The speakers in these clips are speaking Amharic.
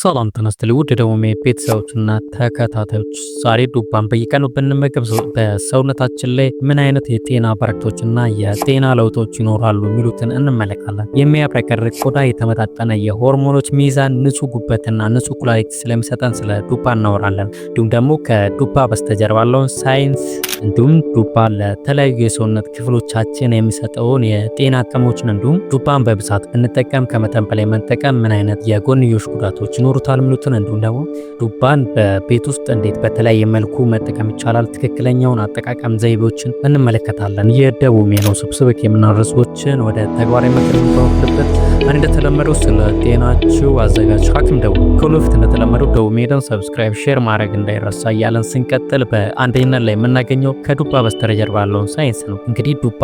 ሰላም ተነስተል ውድ የደሞሜ ቤተሰቦችና ተከታታዮች፣ ዛሬ ዱባን በየቀኑ ብንመገብ በሰውነታችን ላይ ምን አይነት የጤና በረከቶችና የጤና ለውጦች ይኖራሉ የሚሉትን እንመለከታለን። የሚያብረቀርቅ ቆዳ፣ የተመጣጠነ የሆርሞኖች ሚዛን፣ ንጹህ ጉበትና ንጹህ ኩላሊት ስለሚሰጠን ስለ ዱባ እናወራለን። እንዲሁም ደግሞ ከዱባ በስተጀርባ ያለውን ሳይንስ እንዲሁም ዱባ ለተለያዩ የሰውነት ክፍሎቻችን የሚሰጠውን የጤና ጥቅሞችን እንዲሁም ዱባን በብዛት ብንጠቀም ከመጠን በላይ መጠቀም ምን አይነት የጎንዮሽ ጉዳቶች ይኖሩታል ምሉትን እንዲሁም ደግሞ ዱባን በቤት ውስጥ እንዴት በተለያየ መልኩ መጠቀም ይቻላል ትክክለኛውን አጠቃቀም ዘይቤዎችን እንመለከታለን። የደቡ ሜኖ ስብስብክ የምናርሶችን ወደ ተግባራዊ ምክር የምንበወክልበት አንድ እንደተለመደው ስለ ጤናችሁ አዘጋጅ ሐኪም ደቡ ከሁሉ በፊት እንደተለመደው ደቡ ሜድን ሰብስክራይብ፣ ሼር ማድረግ እንዳይረሳ እያለን ስንቀጥል በአንደኝነት ላይ የምናገኘው ከዱባ በስተጀርባ ያለውን ሳይንስ ነው። እንግዲህ ዱባ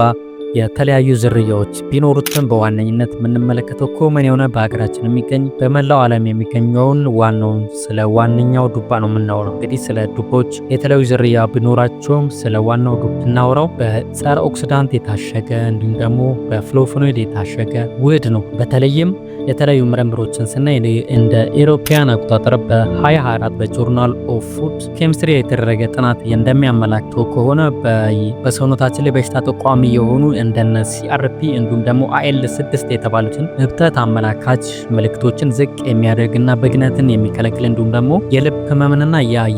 የተለያዩ ዝርያዎች ቢኖሩትም በዋነኝነት የምንመለከተው ኮመን የሆነ በሀገራችን የሚገኝ በመላው ዓለም የሚገኘውን ዋናውን ስለ ዋነኛው ዱባ ነው የምናወራው። እንግዲህ ስለ ዱቦች የተለያዩ ዝርያ ቢኖራቸውም ስለ ዋናው ዱባ እናወራው። በጸረ ኦክሲዳንት የታሸገ እንዲሁም ደግሞ በፍሎፎኖይድ የታሸገ ውህድ ነው። በተለይም የተለያዩ ምርምሮችን ስናይ እንደ ኢሮፓያን አቆጣጠር በ2024 በጆርናል ኦፍ ፉድ ኬሚስትሪ የተደረገ ጥናት እንደሚያመላክተው ከሆነ በሰውነታችን ላይ በሽታ ተቋሚ የሆኑ እንደነ ሲአርፒ እንዲሁም ደግሞ አኤል ስድስት የተባሉትን እብጠት አመላካች ምልክቶችን ዝቅ የሚያደርግና ብግነትን የሚከለክል እንዲሁም ደግሞ የልብ ህመምንና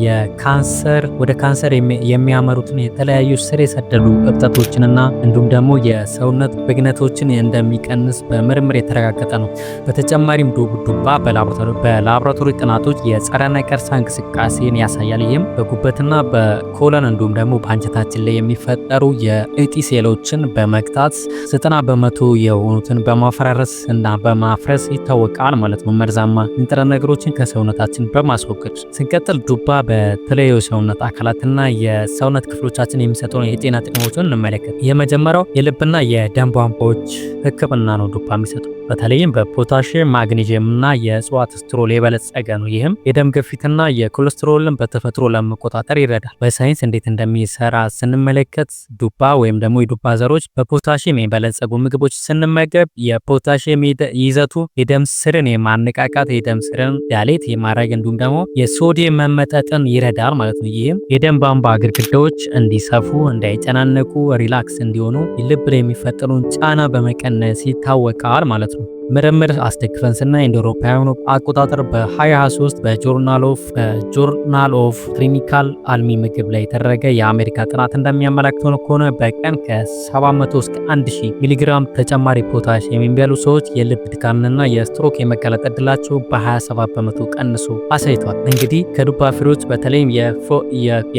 የካንሰር ወደ ካንሰር የሚያመሩትን የተለያዩ ስር የሰደዱ እብጠቶችንና እንዲሁም ደግሞ የሰውነት ብግነቶችን እንደሚቀንስ በምርምር የተረጋገጠ ነው። በተጨማሪም ዱባ በላብራቶሪ ጥናቶች የጸረ ነቀርሳ እንቅስቃሴን ያሳያል። ይህም በጉበትና በኮለን እንዲሁም ደግሞ በአንጀታችን ላይ የሚፈጠሩ የእጢ ሴሎችን በመግታት ዘጠና በመቶ የሆኑትን በማፈራረስ እና በማፍረስ ይታወቃል ማለት ነው። መርዛማ ንጥረ ነገሮችን ከሰውነታችን በማስወገድ ስንቀጥል፣ ዱባ በተለያዩ ሰውነት አካላትና የሰውነት ክፍሎቻችን የሚሰጠውን የጤና ጥቅሞችን እንመለከት። የመጀመሪያው የልብና የደም ቧንቧዎች ሕክምና ነው ዱባ የሚሰጠው በተለይም በፖታሽየም ማግኔዥየም እና የእጽዋት ስትሮል የበለጸገ ነው። ይህም የደም ግፊትና የኮሌስትሮልን በተፈጥሮ ለመቆጣጠር ይረዳል። በሳይንስ እንዴት እንደሚሰራ ስንመለከት ዱባ ወይም ደግሞ የዱባ ዘሮች በፖታሽየም የበለጸጉ ምግቦች ስንመገብ የፖታሽየም ይዘቱ የደም ስርን የማነቃቃት የደም ስርን ዳሌት የማድረግ እንዲሁም ደግሞ የሶዲየም መመጠጥን ይረዳል ማለት ነው። ይህም የደም ቧንቧ ግድግዳዎች እንዲሰፉ፣ እንዳይጨናነቁ፣ ሪላክስ እንዲሆኑ ልብ የሚፈጥሩን ጫና በመቀነስ ይታወቃል ማለት ነው። ምርምር አስደግፈን ስናይ እንደ አውሮፓውያኑ አቆጣጠር በ2023 በጆርናል ኦፍ በጆርናል ኦፍ ክሊኒካል አልሚ ምግብ ላይ የተደረገ የአሜሪካ ጥናት እንደሚያመላክተው ከሆነ በቀን ከ700 እስከ 1000 ሚሊግራም ተጨማሪ ፖታሽ የሚበሉ ሰዎች የልብ ድካምንና የስትሮክ የመጋለጥ እድላቸው በ27 በመቶ ቀንሶ አሳይቷል። እንግዲህ ከዱባ ፍሬዎች በተለይም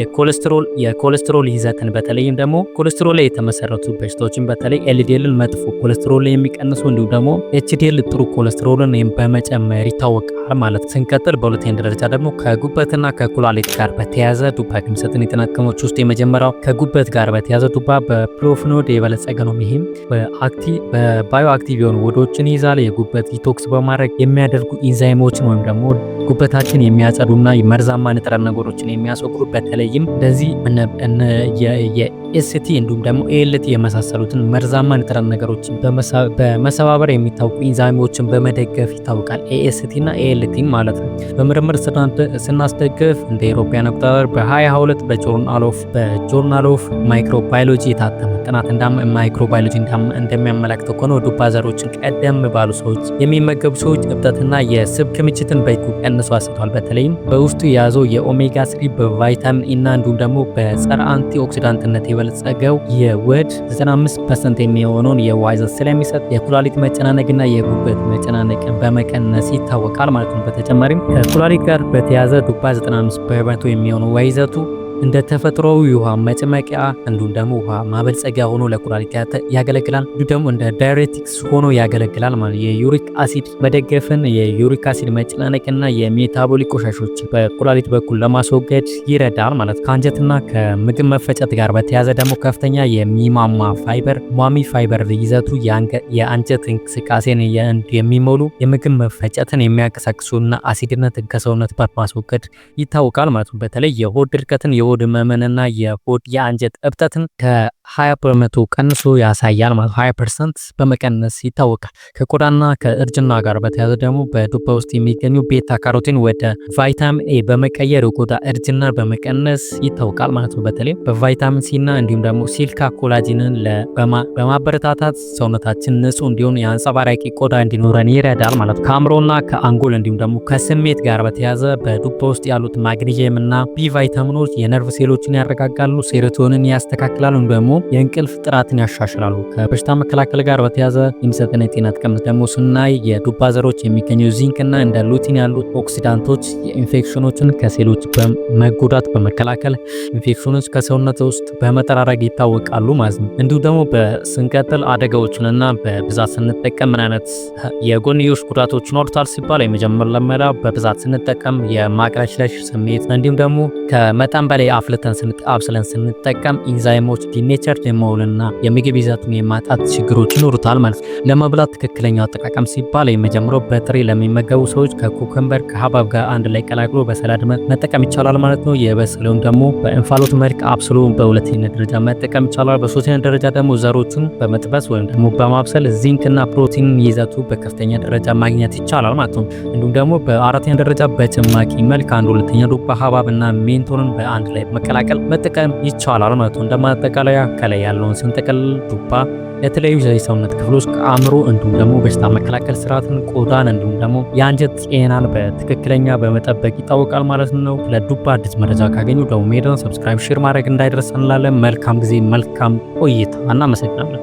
የኮሌስትሮል የኮሌስትሮል ይዘትን በተለይም ደግሞ ኮሌስትሮል ላይ የተመሰረቱ በሽታዎችን በተለይ ኤልዲኤልን መጥፎ ኮሌስትሮል ላይ የሚቀንሱ እንዲሁም ደግሞ ኤችዲኤል ጥሩ ኮሌስትሮልን በመጨመር ይታወቃል ማለት። ስንቀጥል በሁለተኛ ደረጃ ደግሞ ከጉበትና ከኩላሊት ጋር በተያያዘ ዱባ የሚሰጠን የጤና ጥቅሞች ውስጥ የመጀመሪያው ከጉበት ጋር በተያያዘ ዱባ በፕሮፍኖድ የበለጸገ ነው። ይህም በባዮ አክቲቭ የሆኑ ወዶችን ይይዛል። የጉበት ዲቶክስ በማድረግ የሚያደርጉ ኢንዛይሞችን ወይም ደግሞ ጉበታችን የሚያጸዱና መርዛማ ንጥረ ነገሮችን የሚያስወግዱ በተለይም እንደዚህ የኤስቲ እንዲሁም ደግሞ ኤልቲ የመሳሰሉትን መርዛማ ንጥረ ነገሮችን በመሰባበር የሚታወቁ ኢንዛይሞችን በመደገፍ ይታወቃል። ኤኤስቲ እና ኤኤልቲን ማለት ነው። በምርምር ስናስደግፍ እንደ ኤሮፓያን አቆጣጠር በ 22 በጆርናል ኦፍ በጆርናል ኦፍ ማይክሮባዮሎጂ የታተመ ጥናት እንዳ ማይክሮባዮሎጂ እንደሚያመላክተው ከሆነ ዱባ ዘሮችን ቀደም ባሉ ሰዎች የሚመገቡ ሰዎች እብጠትና የስብ ክምችትን በእጅጉ ቀንሶ አስተዋል። በተለይም በውስጡ የያዘው የኦሜጋ ስሪ በቫይታሚን ኢና e እንዲሁም ደግሞ በጸረ አንቲ የበለጸገው የወድ 95 ፐርሰንት የሚሆነውን የዋይዘ ስለሚሰጥ የኩላሊት መጨናነቅና የጉበት መጨናነቅን በመቀነስ ይታወቃል ማለት ነው። በተጨማሪም ከኩላሊት ጋር በተያያዘ ዱባ 95 በመቶ የሚሆነው ወይዘቱ እንደ ተፈጥሮዊ ውሃ መጭመቂያ እንዲሁም ደግሞ ውሃ ማበልጸጊያ ሆኖ ለኩላሊት ያገለግላል። እንዲሁም ደግሞ እንደ ዳይሬቲክስ ሆኖ ያገለግላል ማለት የዩሪክ አሲድ መደገፍን፣ የዩሪክ አሲድ መጨናነቅና የሜታቦሊክ ቆሻሾች በኩላሊት በኩል ለማስወገድ ይረዳል ማለት። ከአንጀትና ከምግብ መፈጨት ጋር በተያዘ ደግሞ ከፍተኛ የሚማማ ፋይበር ማሚ ፋይበር ይዘቱ የአንጀት እንቅስቃሴን የሚሞሉ የምግብ መፈጨትን የሚያንቀሳቅሱና አሲድነትን ከሰውነት በማስወገድ ይታወቃል ማለት ነው። በተለይ የሆድ ድርቀትን የሆድ መመንና የሆድ የአንጀት እብጠትን ከ20 በመቶ ቀንሶ ያሳያል ማለት 20 ፐርሰንት በመቀነስ ይታወቃል። ከቆዳና ከእርጅና ጋር በተያያዘ ደግሞ በዱባ ውስጥ የሚገኙ ቤታ ካሮቲን ወደ ቫይታሚን ኤ በመቀየር የቆዳ እርጅና በመቀነስ ይታወቃል ማለት ነው። በተለይም በቫይታሚን ሲና እንዲሁም ደግሞ ሲልካ ኮላጂንን በማበረታታት ሰውነታችን ንጹህ እንዲሆን የአንጸባራቂ ቆዳ እንዲኖረን ይረዳል ማለት ነው። ከአእምሮና ከአንጎል እንዲሁም ደግሞ ከስሜት ጋር በተያያዘ በዱባ ውስጥ ያሉት ማግኒዥየምና ቢ ቫይታሚኖች የነ የነርቭ ሴሎችን ያረጋጋሉ፣ ሴሮቶንን ያስተካክላሉ፣ ወይም ደግሞ የእንቅልፍ ጥራትን ያሻሽላሉ። ከበሽታ መከላከል ጋር በተያዘ የሚሰጠን የጤና ጥቅም ደግሞ ስናይ የዱባ ዘሮች የሚገኘው ዚንክ እና እንደ ሉቲን ያሉ ኦክሲዳንቶች የኢንፌክሽኖችን ከሴሎች በመጎዳት በመከላከል ኢንፌክሽኖች ከሰውነት ውስጥ በመጠራረግ ይታወቃሉ ማለት ነው። እንዲሁ ደግሞ በስንቀጥል አደጋዎችንና በብዛት ስንጠቀም ምን አይነት የጎንዮሽ ጉዳቶች ኖርታል ሲባል የመጀመሪያ በብዛት ስንጠቀም የማቅለሽለሽ ስሜት እንዲሁም ደግሞ ከመጠን በላይ ላይ አፍልተን አብስለን ስንጠቀም ኢንዛይሞች ዲኔቸር የመሆንና የምግብ ይዘቱን የማጣት ችግሮች ይኖሩታል ማለት ነው። ለመብላት ትክክለኛው አጠቃቀም ሲባል የመጀመሪያው በጥሬ ለሚመገቡ ሰዎች ከኩከምበር ከሀባብ ጋር አንድ ላይ ቀላቅሎ በሰላድ መጠቀም ይቻላል ማለት ነው። የበሰለውን ደግሞ በእንፋሎት መልክ አብስሎ በሁለተኛ ደረጃ መጠቀም ይቻላል። በሶስተኛ ደረጃ ደግሞ ዘሮቹን በመጥበስ ወይም ደግሞ በማብሰል ዚንክና ፕሮቲን ይዘቱ በከፍተኛ ደረጃ ማግኘት ይቻላል ማለት ነው። እንዲሁም ደግሞ በአራተኛ ደረጃ በጭማቂ መልክ አንድ ሁለተኛ ዱባ ሀባብና ሜንቶንን በአንድ ላይ ላይ መቀላቀል መጠቀም ይቻላል ማለት ነው። እንደማጠቃለያ ከላይ ያለውን ስንጠቀል ዱባ ለተለያዩ የሰውነት ክፍሎች ከአእምሮ እንዲሁም ደግሞ በሽታ መከላከል ስርዓትን፣ ቆዳን እንዲሁም ደግሞ የአንጀት ጤናን በትክክለኛ በመጠበቅ ይታወቃል ማለት ነው። ለዱባ አዲስ መረጃ ካገኙ ደግሞ ሜዳን ሰብስክራይብ፣ ሼር ማድረግ እንዳይደርስ እንላለን። መልካም ጊዜ፣ መልካም ቆይታ። እናመሰግናለን።